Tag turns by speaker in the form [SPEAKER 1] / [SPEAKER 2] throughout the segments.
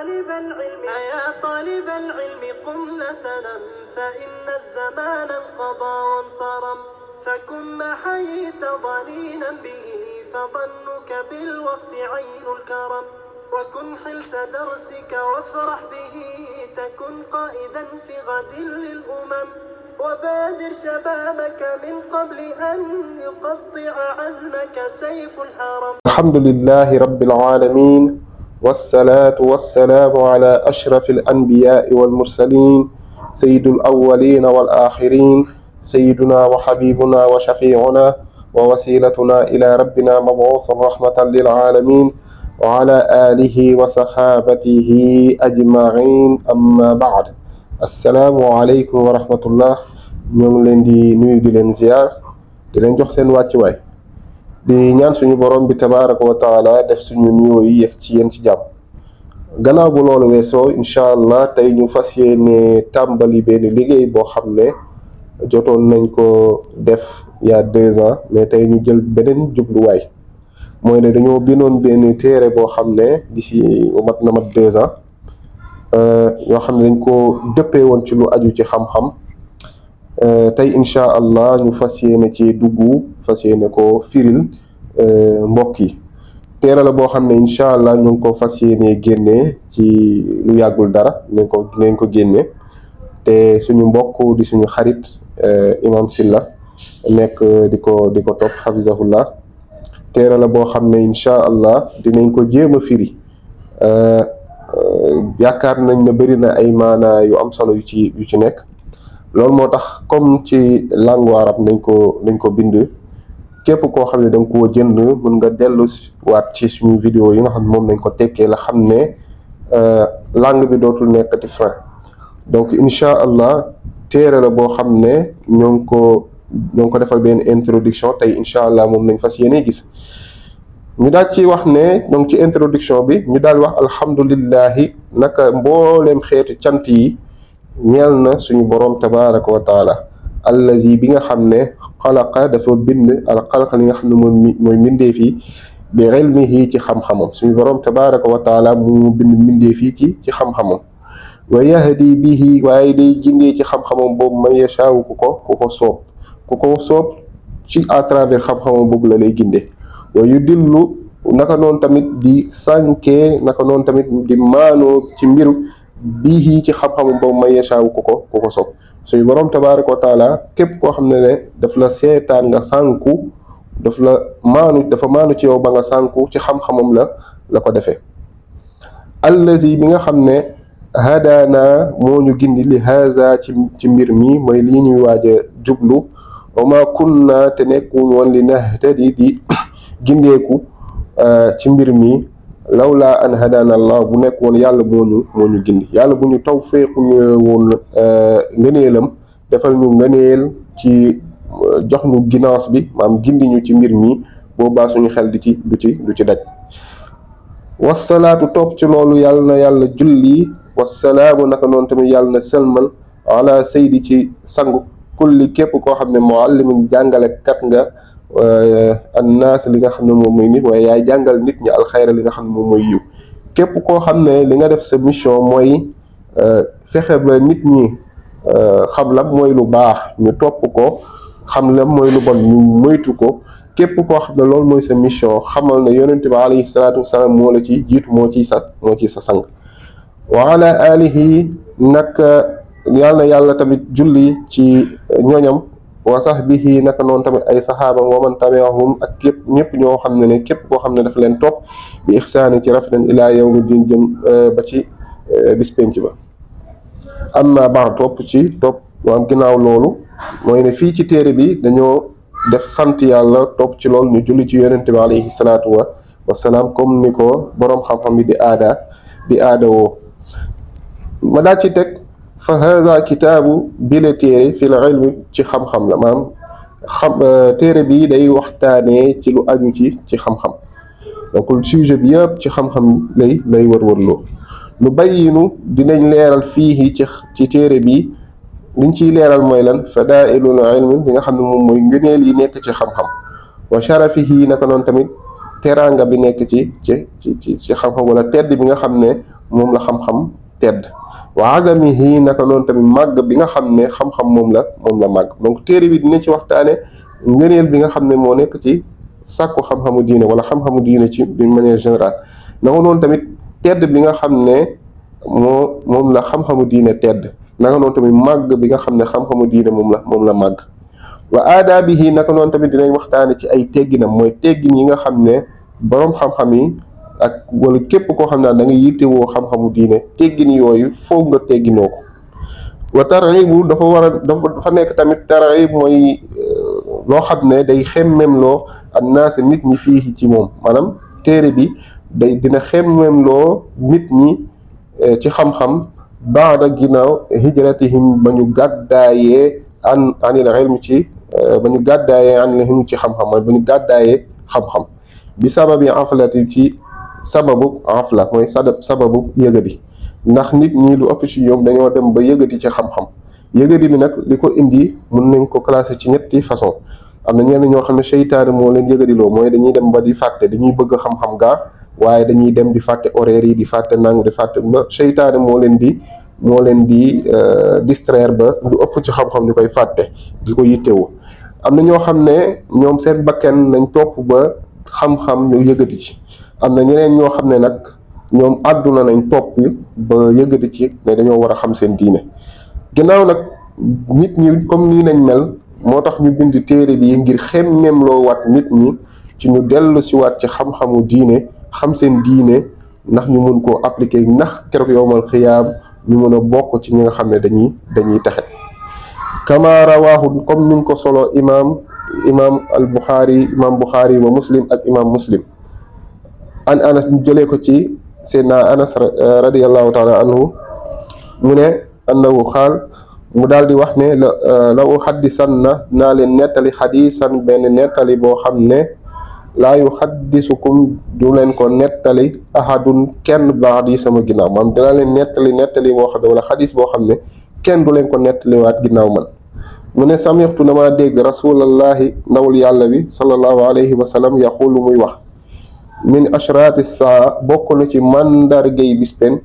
[SPEAKER 1] طالب العلم أيا طالب العلم قم لا تنم فإن الزمان انقضى وانصرم فكن ما حييت ضنينا به فظنك بالوقت عين الكرم وكن حلس درسك وافرح به تكن قائدا في غد للأمم وبادر شبابك من قبل أن يقطع عزمك سيف الحرم الحمد لله رب العالمين والصلاة والسلام على أشرف الأنبياء والمرسلين سيد الأولين والآخرين سيدنا وحبيبنا وشفيعنا ووسيلتنا إلى ربنا مبعوث رحمة للعالمين وعلى آله وصحابته أجمعين أما بعد السلام عليكم ورحمة الله ñu ngi leen di nuyu di leen ziar di leen jox seen wàccuwaay di ñaan suñu borom bi tabaraka wa taala def suñu nuyoo yi ci yéen ci jàpp gannaaw bu loolu weesoo incha allah tey ñu fas yéene tàmbali benn liggéey boo xam ne jotoon nañ ko def il y a deux ans mais tey ñu jël beneen jubluwaay mooy ne dañoo bindoon benn téere boo xam ne d'ici mat na mat deux ans euh, yoo xam ne dañ ko dëppee woon ci lu aju ci xam-xam euh, tey incha allah ñu fas yéene ci dugg. fas yéene ko firil euh, mbokk yi téere boo xam ne incha allah ñu ngi ko fas yéene génnee ci lu yàggul dara dinañ ko dinañ ko génne te suñu mbokk di suñu xarit euh, imam Silla nekk euh, di ko di ko topp xafisahullah téere la boo xam ne incha allah dinañ ko jéem a firi yaakaar nañ ne bëri na ay maana yu am solo yu ci ci nekk loolu moo tax comme ci langue arab ko nañ ko bind képp koo xam ne danga nga koo jënd mën nga dellu waat ci suñu vidéo yi nga xam ne moom lañ ko tekkee la xam ne euh, langue bi dootul nekkati franc donc incha allah téere la boo xam ne ñoo ngi ko ñoo ko defal benn introduction tey incha allah moom nañ fas yéene gis ñu daal ci wax ne ñoom ci introduction bi ñu daal wax alhamdulillahi naka mbooleem xeetu cant yi ñeel na suñu boroom tabaraka wa taala allazi bi nga xam ne xalaqa dafa bind al xalq li nga xam ne mooy mooy mbindeef yi bi ilmihi ci xam-xamam suñu borom tabaraka wa taala mu bind mbindeef yi ci ci xam-xamam wa yahdi bihi waaye day jindee ci xam-xamam boobu man ko ku ko ko soob ci à travers xam-xamam boobu la lay jinde wa yudillu naka noonu tamit di sànkee naka noonu tamit di maanoo ci mbiru bihi ci xam-xamam boobu man yashaawu ku ko ku ko soob suñu borom tabaaraka wa taala képp koo xam ne ne daf la seetaan nga sànku daf la maanu dafa maanu ci yow ba nga sànku ci xam-xamam la la ko defee allazi bi nga xam ne hadaana moo ñu gindi li haza ci ci mbir mi mooy lii ñuy waaj jublu wa ma kunna te nekkuñ woon li nahtadi di gindeeku euh, ci mbir mi lawla an hadana bu nekk woon yàlla moo ñu moo ñu gindi yàlla bu ñu taw féexu woon eh, ngëneelam defal ñu ngëneel ci eh, jox ñu ginaas bi maam gindi ñu ci mbir mi boobaa suñu xel di ci du ci du ci daj wasalaatu topp ci loolu yàlla na yàlla julli wasalaamu naka noonu tamit yàlla na selmal ala saydi ci sangu kulli képp koo xam ne muallimin jàngalekat nga annaas li nga xam ne moom mooy nit waaye yaay jàngal nit ñi alxayra li nga xam ne moom mooy yiw képp koo xam ne li nga def sa mission mooy euh, fexe ba nit ñi euh, xam la mooy lu baax ñu topp ko xam la mooy lu bon ñu moytu ko képp koo xam ne loolu mooy sa mission xamal ne yonente bi alayhi salaatu wasalaam moo la ci jiitu moo ciy sa moo ciy sa sang wa alihi nag yàlla yàlla tamit julli ci ñooñam waa wa sahbihi naka noonu tamit ay saxaabam wa man tabi'ahum ak képp ñëpp ñoo xam ne ne képp koo xam ne dafa leen topp bi ixsaani ci rafetan ilaa yawmi diin jëm euh, ba ci euh, bis penc ba amma baax topp ci topp waam ginnaaw loolu mooy ne fii ci téere bi dañoo def sant yàlla topp ci loolu ñu julli ci yonente bi alayhi salaatu wa wasalaam comme ni ko boroom xam-xam bi di aada di aada woo ma daal ci teg fa hada kitaabu bile téere fi la ilmi ci xam-xam la maanaam euh, téere bi day waxtaane ci lu aju ci ci xam-xam donc sujet bi yëpp ci xam-xam lay lay wërwërloo nu bayyinu dinañ leeral fii ci ci téere bi liñ ciy leeral mooy lan fadailul ilmi li nga xam ne moom mooy ngëneel yi nekk ci xam-xam wa sharafihi naka tamit teraanga bi nekk ci ci ci ci xam-xam wala tedd bi nga xam ne moom la xam-xam tedd wa azamihi naka noonu tamit màgg bi nga xam ne xam-xam moom la moom la màgg donc téere bi dina ci waxtaane ngëneel bi nga xam ne moo nekk ci sàkku xam-xamu diine wala xam-xamu diine ci d'une manière général naka noonu tamit tedd bi nga xam ne moo moom la xam-xamu diine tedd naka tamit màgg bi nga xam ne xam-xamu diine moom la moom la màgg wa aadaabihi naka noonu tamit dinañ waxtaane ci ay tegginam mooy teggin yi nga xam ne boroom xam-xam yi ak wala képp koo xam ne dangay nga yittewoo xam-xamu diine teggin yooyu foog nga tegginoo ko wa tarxibu dafa war a dafa nekk tamit tarxib mooy euh, loo xam ne day xemmemloo annaasa nit ñi fii ci moom maanaam téere bi day dina xemmemloo nit ñi euh, ci xam-xam baada ginnaaw hijratihim ba ñu gàddaayee an anil ilm ci euh, ba ñu gàddaayee anil ilm ci xam-xam mooy ba ñu gàddaayee xam-xam bi sababi aflati ci sababu la mooy sababu yëgadi ndax nit ñi lu ëpp ci ñoom dañoo dem ba yëgadi ci xam-xam yëgadi bi nag li ko indi mun nañ ko classer ci ñetti façon am na ñenn ñoo xam ne seytaane moo leen yëgadiloo mooy dañuy dem ba di fàtte dañuy bëgg xam-xam gaa waaye dañuy dem di fàtte horaire yi di fàtte nangu di ba seytaane moo leen di moo leen di euh, distraire ba lu ëpp ci xam ñu koy fàtte di ko yittewu am na ñoo xam ne ñoom seen bakken nañ topp ba xam-xam ñu yëgati ci am na ñeneen ñoo xam ne nag ñoom àdduna nañ topp ba yëgati ci ne dañoo war a xam seen diine ginnaaw nag nit ñi comme nii nañ mel moo tax ñu bind téere bi ngir xemmeem loo waat nit ñi ci ñu dellu si waat ci xam-xamu diine xam seen diine ndax ñu mën koo appliquer ndax keroog yowmal xiyaam ñu mën a bokk ci ñi nga xam ne dañuy dañuy taxe kama rawaahu comme ni ko solo imaam imaam al buxaari imaam buxaari wa muslim ak imaam muslim an anas ñu jëlee ko ci seen anas euh, radiallahu taala anhu mu ne annahu xaal mu daal di wax ne la euh, la u xaddisan na naa leen nettali xadisan benn nettali boo xam ne laa yu xaddisukum du leen ko nettali ahadun kenn baax di sama ginnaaw maam dinaa leen nettali nettali boo xam ne wala xadis boo xam ne kenn du leen ko nettaliwaat ginnaaw man mu ne samixtu damaa dégg rasulallahi ndawul yàlla bi sallallahu alayhi wa sallam yaqulu muy wax min ashraati saa bokk na ci màndargay bis pen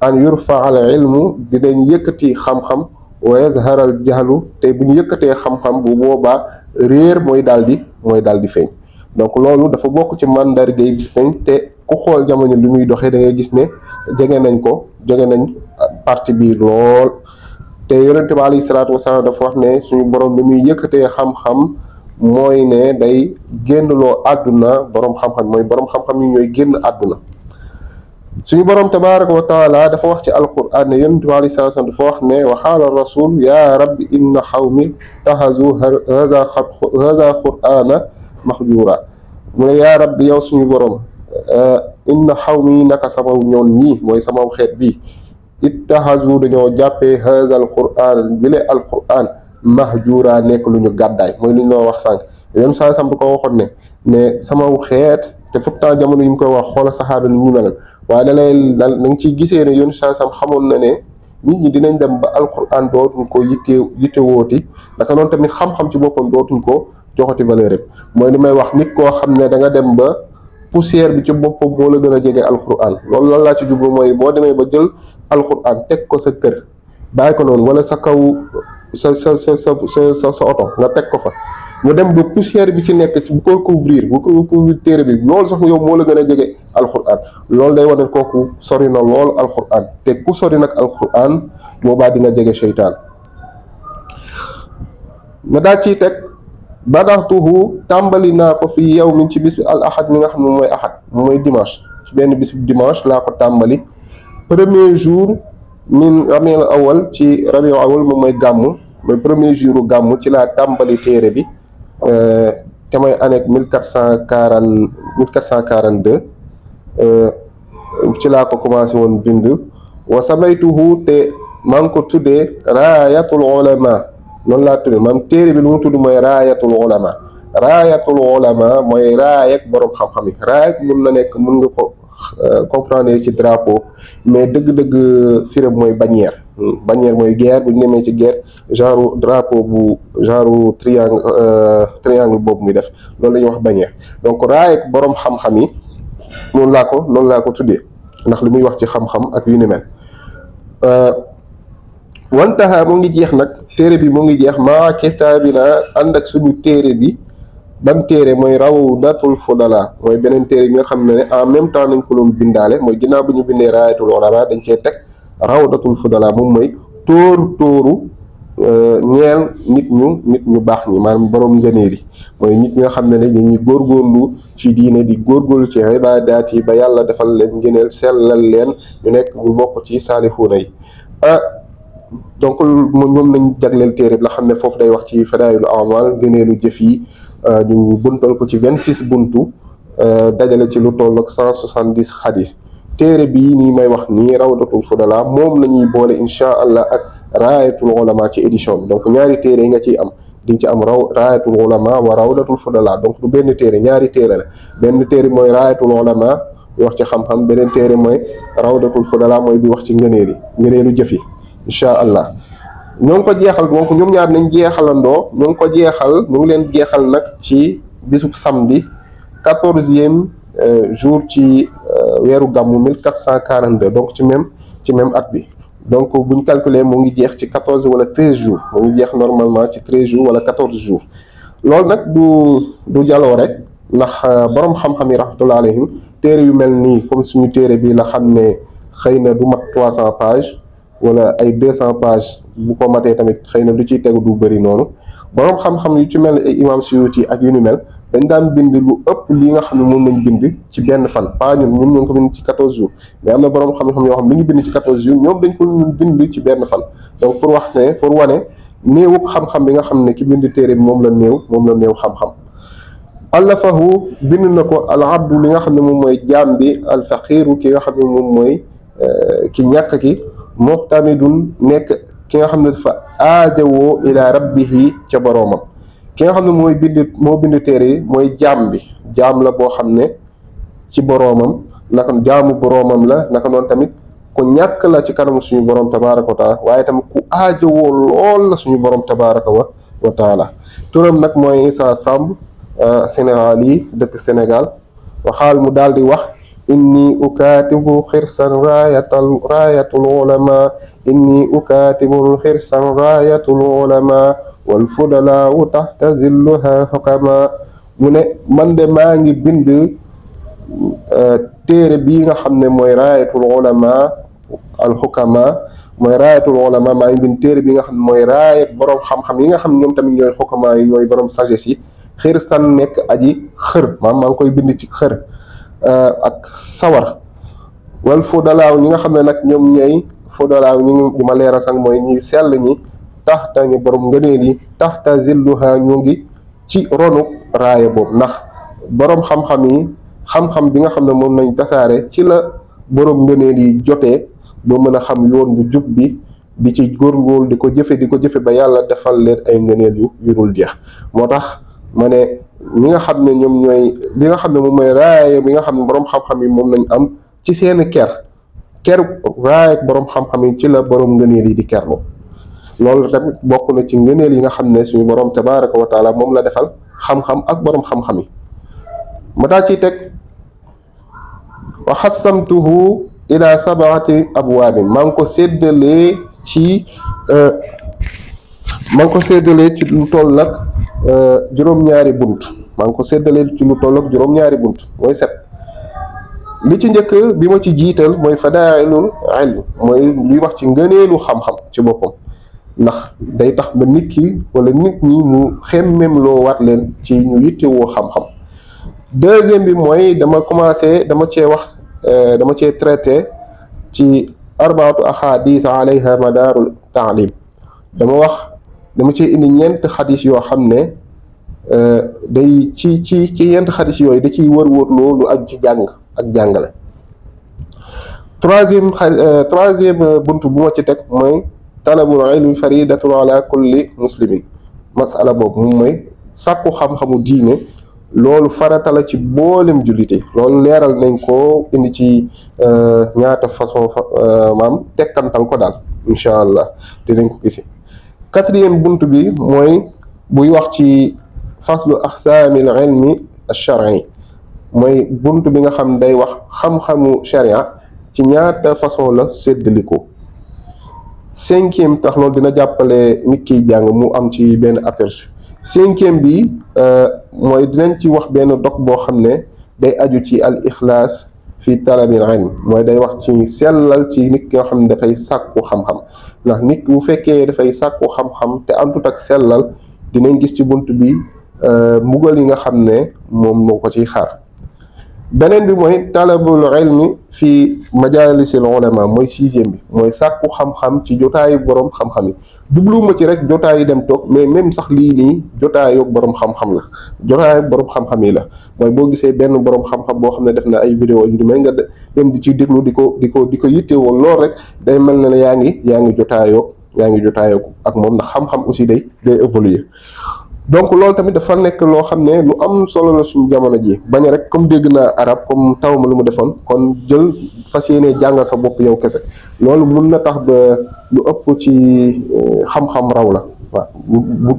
[SPEAKER 1] an yurfa al ilmu dinañ yëkkati xam-xam wa yazhar al jahlu te bu ñu yëkkatee xam-xam bu boobaa réer mooy daal di mooy daal di feeñ donc loolu dafa bokk ci màndargay bis te ku xool jamono li muy doxee da ngay gis ne jege nañ ko jege nañ partie bi lool te yonente bi alayhi salaatu wasalaam dafa wax ne suñu borom bi muy yëkkatee xam-xam mooy ne day génnloo àdduna borom xam-xam mooy boroom xam-xam yi ñooy génn àdduna suñu borom tabaraka wa taala dafa wax ci alquran ne yonent bi alei salatu dafa wax ne wa xaala rasul ya rabbi inna xawmi taxazu haza haza qur'ana mahjura mu ne yaa rabbi yow suñu borom xaw eh, xawmi naka samaw ñoon ñii mooy samaw xeet bii ittaxazu dañoo jàppee haza al quran bile al quran mahjura nekk lu ñu gàddaay mooy lu ñu loo wax sànq même saa sam ko waxoon ne mais sama xeet te pourtant jamono yi mu koy wax xoola saxaaba ni ñu meloon waaye da lay da nga ciy gisee ne yoonu saa sam xamoon na ne nit ñi dinañ dem ba alquran dootuñ ko yitte yitte wooti naka noonu tamit xam-xam ci boppam dootuñ ko joxati valeur rek mooy damay wax nit koo xam ne da nga dem ba poussière bi ci boppam boo la gën a jege alquran loolu lan laa ci jublu mooy boo demee ba jël alquran teg ko sa kër sa sa sa sa sa sa oto nga teg ko fa mu dem ba poussière bi ci nekk bu ko couvrir bu ko couvrir téere bi loolu sax yow moo la gën a jege alxuraan loolu day wane kooku sori na lool alxuraan te ku sori nag alxuraan boobaa di nga jege seytaan ma daal ci teg badaxtuhu tàmbali naa ko fi yow min ci bis bi al mi nga xam ne mooy ahad mooy dimanche ci benn bis bu dimanche laa ko tàmbali premier jour min rabiul awal ci rabiul awal moom mooy gàmmu mooy premier jour gàmmu ci laa tàmbali téere bi euh, te mooy année mille quatre cent quarante mille quatre cent quarante deux euh, ci laa ko commencé woon bind wa samaytuhu te maa ngi ko tuddee raayatul ulama noonu laa tuddee maam téere bi lu mu tudd mooy raayatul ulama raayatul ulama mooy raayak borom xam-xam yi raayak mun na nekk mun nga ko Euh, comprendre ci drapeau mais dëgg-dëgg firam mooy bannière bannière mooy guerre bu ñu demee ci guerre genre drapeau bu genre triangle euh, triangle boobu muy def loolu la ñuy wax bannière donc raay boroom xam-xam yi noonu laa ko noonu laa ko tuddee ndax li muy wax ci xam-xam ak yu ni mel euh, mu ngi jeex nag téere bi mu ngi jeex maa kitaabina ànd ak suñu téere bi ban téere mooy rawdatul fudala mooy beneen téere bi nga xam ne ne en même temps nañ ko doon bindaale mooy ginnaaw bu ñu bindee raayatul ulama dañ cee teg rawdatul fudala moom mooy tóoru tóoru euh, ñeel nit ñu nit ñu baax ñi maanaam borom ngëneel yi mooy nit ñi nga xam ne ne góor góorlu ci diine di góorgóorlu ci ibaadaat yi ba yàlla defal leen ngëneel sellal leen ñu nekk ñu bokk ci saalihuuna yi ah donc ñoom nañ jagleel téere bi la xam ne foofu day wax ci fadaayul amal ngëneelu yi Euh, ñu buntal ko ci vingt six buntu euh, dajale ci lu toll ak cent soixante dix xadis téere bii nii may wax nii rawdatul fudala moom la ñuy boole incha allah ak raayatul ulama ci édition bi donc ñaari téere yi nga ciy am di ci am raw raayatul ulama wa rawdatul fudala donc du benn téere ñaari téere la benn téere mooy raayatul ulama bi wax ci xam-xam beneen téere mooy rawdatul fudala mooy bi wax ci ngëneeli ngëneelu jëf yi incha allah ñoo ngi ko jeexal donc ñoom ñaar nañ jeexalandoo ñoo ngi ko jeexal ñu ngi leen jeexal nag ci bisub samedi quatorzième euh, jour ci euh, weeru gàmmu 1442 donc ci même ci même at bi donc bu ñu calculer mu ngi jeex ci 14 wala 13 jours mu ngi jeex normalement ci 13 jours wala 14 jours loolu nag du du jaloo rek ndax euh, borom xam-xam yi rahmatullah alayhim téere yu mel nii comme suñu téere bi la xam ne xëy na du mat 300 pages wala ay deux cent pages bu ko matee tamit xëy na lu ciy tegu du bëri noonu boroom xam-xam yu ci mel ne ay imam Suyuti ak yu nu mel dañ daan bind lu ëpp lii nga xam ne moom lañ bind ci benn fan pas ñun ñun ko bind ci quatorze jours am na boroom xam-xam yoo xam li ñu bind ci quatorze jours ñoom dañ ko bind ci benn fan donc pour wax ne pour wane néewu xam-xam bi nga xam ne ki bind bi moom la néew moom la néew xam-xam allafahu bind na ko al li nga xam ne moom mooy jaam bi al faqiru ki nga xam ne moom mooy euh, ki ñàkk ki tamit muqtanidun nekk ki nga xam ne dafa aajawoo ila rabbihi ca boroomam ki nga xam ne mooy bind moo bind téere yi mooy jaam bi jaam la boo xam ne ci boroomam naka jaamu boroomam la naka noonu tamit ku ñàkk la ci kanam suñu borom tabaraka wa taala waaye tamit ku aajowoo lool la suñu borom tabaraka wa wa taala turam nag mooy Issa Samb euh, Sénégal yi dëkk Sénégal waxaal mu daal di wax inni ukatibu xirsan raayatal raayatul ulama inni ukatibu wal fudalaawu taxta mu ne man de maa ngi bind e, téere bii nga xam ne mooy raayatul ulama al xukama mooy raayatul ulama maa ngi bind téere bi nga xam ne mooy raayat boroom xam-xam yi nga xam ne ñoom tamit ñooy xukama yi ñooy boroom sagesse yi xirsan nekk aji xër maam maa ngi koy bind ci xër Euh, ak sawar wal fudalaaw ñi nga xam ne nag ñoom ñooy fudalaaw ñi ñu ma leeral sang mooy ñuy sell ñi taxta ñu boroom ngëneel yi taxta zilluha ñoo ngi ci ronu raaya boobu ndax boroom xam-xam yi xam-xam bi nga xam ne moom nañ tasaare ci la borom ngëneel yi jotee ba mën a xam yoon bu jub bi di ci góorgóorlu di ko jëfe di ko jëfe ba yàlla defal leen ay ngëneel yu yu dul jeex moo tax ma ne ñi nga xam ne ñoom ñooy li nga xam ne moom mooy raaya bi nga xam ne boroom xam-xam yi moom lañ am ci seen ker ker raaya ak xam-xam yi ci la borom ngëneel yi di kerlu loolu tamit bokk na ci ngëneel yi nga xam ne suñu borom tabaraka wa moom la defal xam-xam ak boroom xam-xam yi ma daa ci teg wa xasamtuhu ila sabaati abwaabin maa ko séddalee ci euh, maa ko séddalee ci lu toll nag Euh, juróom-ñaari bunt maa ngi ko séddalee ci lu tollook juróom-ñaari bunt mooy set li ci njëkk bi ma ci jiital mooy fadailul ilm mooy luy wax ci ngëneelu xam-xam ci boppam ndax day tax ba nit ki wala nit ñi mu xemmem loo waat leen ci ñu yittewoo xam-xam deuxième bi mooy dama commencé dama cee wax euh, dama cee traité ci arbaatu ahadis alayha madarul taalim dama wax dama ci indi ñeent xadis yoo xam ne euh, day ci ci ci ñeent xadis yooyu da ciy wër wërloo lu aju ci jàng ak jàngale troisième xa euh, troisième bunt bu ma ci teg mooy talabul ilmi faridatun ala kulli muslimin masala boobu moom mooy sàkku xam-xamu diine loolu faratala ci booleem jullite loolu leeral nañ ko indi ci euh, ñaata façon maam tekkantal ko daal incha allah dinañ ko gisi quatrième bunt bi mooy buy wax ci fas lu faslu axsaamil ilmi alchari mooy bunt bi nga xam day wax xam-xamu sharia ci ñaata façon la séddaliko cinquième tax loolu dina jàppale nit kiy jàng mu am ci benn aperçu cinquième bi euh, mooy dinañ ci wax benn dog boo xam ne day aju ci al ixlaas fi talabil ilm mooy day wax ci sellal ci nit ki xam ne dafay sàkku xam-xam ndax nit bu fekkee dafay sàkku xam-xam te àndut ak sellal dinañ gis ci bunt bi euh, mbugal yi nga xam ne moom moo ko ciy xaar beneen bi mooy talabul ilmi fii majaalisil ulama mooy sixième bi mooy sàkku xam-xam ci jotaayu borom xam-xam yi jubluwuma ci rek jotaay yi dem toog mais même sax lii nii jotaayu borom xam-xam la jotaayu borom xam yi la mooy boo gisee benn borom xam-xam boo xam ne def na ay vidéo yu may nga dem di ci déglu di ko di ko di ko yittewoo lool rek day mel na ne yaa ngi yaa ngi jotaayoo yaa ngi jotaayoo ak moom na xam-xam aussi day day évoluer donc loolu tamit dafa nekk loo xam ne lu am solo la suñu jamono ji bañ rek comme dégg naa arab comme taw ma lu mu defoon kon jël fas yéene jàngal sa bopp yow kese loolu mun na tax lu ëpp ci euh, xam raw la waaw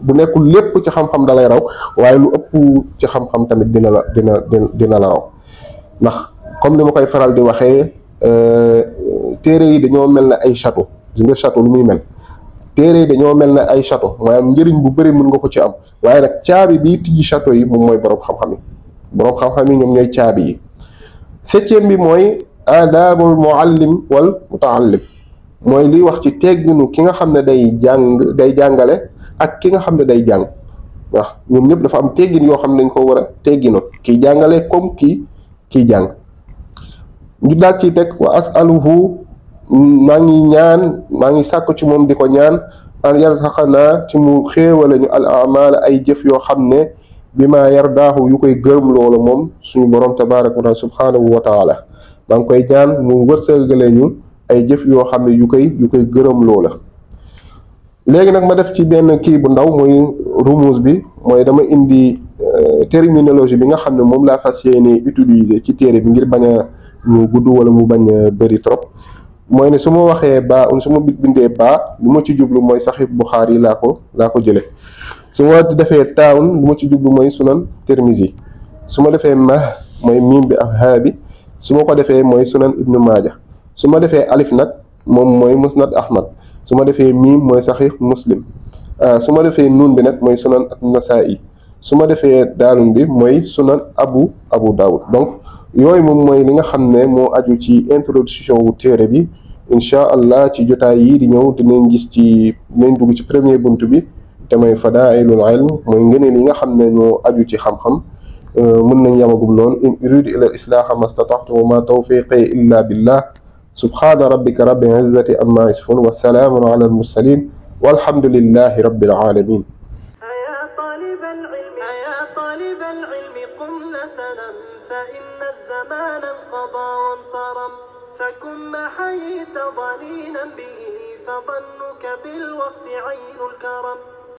[SPEAKER 1] bu nekkul lépp ci xam dalay raw waaye lu ëpp ci xam tamit dina la dina dina la raw ndax comme ni ma koy faral di waxee euh, téere yi dañoo mel ne ay château gis nga château lu muy mel téere yi dañoo mel ne ay château maanaam njëriñ bu bari mën nga ko ci am waaye nag caabi bi tijji château yi moom mooy borom xam-xam yi xam-xam ñoom ñooy caabi yi septième bi mooy adabul muallim wal mutaallim mooy liy wax ci tegginu ki nga xam ne day jàng day jàngale ak ki nga xam ne day jàng wax ñoom ñëpp dafa am teggin yoo xam ne dañ ko war a tegginu kiy jàngale comme kii kiy jàng ñu daal ci teg wa asaluhu maa ngi ñaan maa ngi sàkku ci moom di ko ñaan an yarsaxanaa ci mu xéewale ñu al ay jëf yoo xam ne bi ma yardaahu yu koy gërëm loola moom suñu borom tabaraka wa taala subhaanahu wa taala maa ngi koy ñaan mu wërsëgale ñu ay jëf yoo xam ne yu koy yu koy gërëm loola léegi nag ma def ci benn kii bu ndaw mooy rumus bi mooy dama indi euh, terminologie bi nga xam ne moom laa fas yéene utiliser ci téere bi ngir bañ a mu gudd wala mu bañ a bëri trop mooy ne su ma waxee ba su ma bindee ba lu ma ci jublu mooy saxib Buxaari laa ko laa ko jëlee su ma defee taawun lu ma ci jublu mooy sunan Tirmizi su ma defee ma mooy miim bi ak su ma ko defee mooy sunan Ibnu Maaja su ma defee alif nag moom mooy musnad Ahmad su ma defee miim mooy saxib Muslim ah, su ma defee nuun bi nag mooy sunan Nasaa'i su ma defee daalun bi mooy sunan abu abu Daawud donc yooyu moom mooy li nga xam ne moo aju ci introduction wu téere bi. incha allah ci jotaay yi di ñëw dinañ gis ci dinañ dugg ci premier bunt bi te may fadaailul ilm mooy ngëneel yi nga xam ne ñoo aju ci xam-xam euh, mën nañ yamagum noonu in uridu ila islaaha mastata'tu wa ma tawfiqi illa billah subhaana rabbika rabbil izzati amma wa salaamun ala mursalin والحمد لله رب العالمين أيا طالب العلم أيا طالب العلم فكن محيت ضنينا به فظنك بالوقت عين الكرم